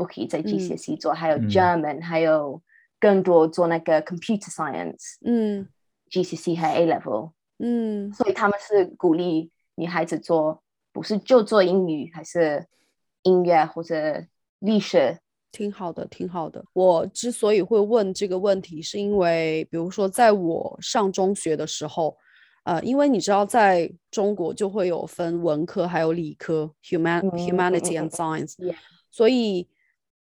都可以在 GCSE 做，嗯、還有 German，嗯、還有更多做那個 Computer Science、嗯。GCSE 和 A-Level，嗯、所以他們是鼓勵女孩子做，不是就做英語，還是音樂或者歷史。挺好的，挺好的。我之所以會問這個問題，是因為，比如說，在我上中學的時候，呃，因為你知道，在中國就會有分文科，還有理科，Humanity、嗯、Human and Science，嗯嗯嗯、所以。